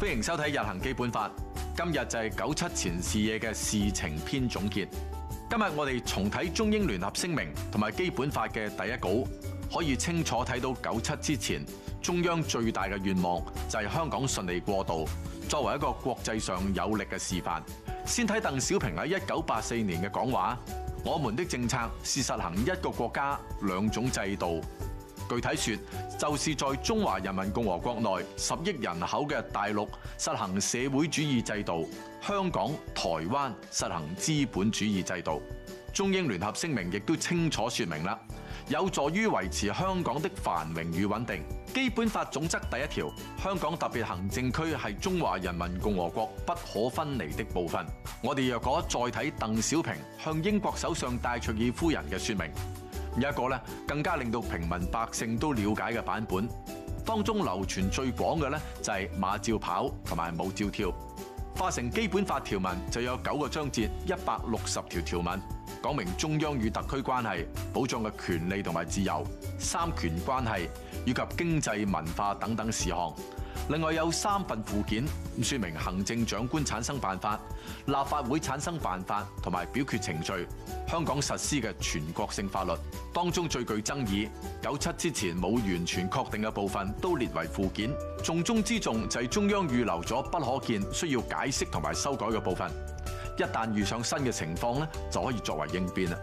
歡迎收睇《日行基本法》，今日就係九七前視野嘅事情篇總結。今日我哋重睇中英聯合聲明同埋基本法嘅第一稿，可以清楚睇到九七之前中央最大嘅願望就係香港順利過渡，作為一個國際上有力嘅示範。先睇鄧小平喺一九八四年嘅講話：我們的政策是實行一個國家兩種制度。具體説，就是在中華人民共和國內十億人口嘅大陸實行社會主義制度，香港、台灣實行資本主義制度。中英聯合聲明亦都清楚説明啦，有助於維持香港的繁榮與穩定。基本法總則第一條，香港特別行政區係中華人民共和國不可分離的部分。我哋若果再睇鄧小平向英國首相戴卓爾夫人嘅説明。有一個咧，更加令到平民百姓都了解嘅版本，當中流傳最廣嘅咧就係、是、馬照跑同埋冇照跳。化成基本法條文就有九個章節，一百六十條條文，講明中央與特區關係、保障嘅權利同埋自由、三權關係以及經濟文化等等事項。另外有三份附件，說明行政長官產生辦法、立法會產生辦法同埋表決程序。香港實施嘅全國性法律當中最具爭議，九七之前冇完全確定嘅部分都列為附件。重中之重就係中央預留咗不可見、需要解釋同埋修改嘅部分，一旦遇上新嘅情況咧，就可以作為應變啦。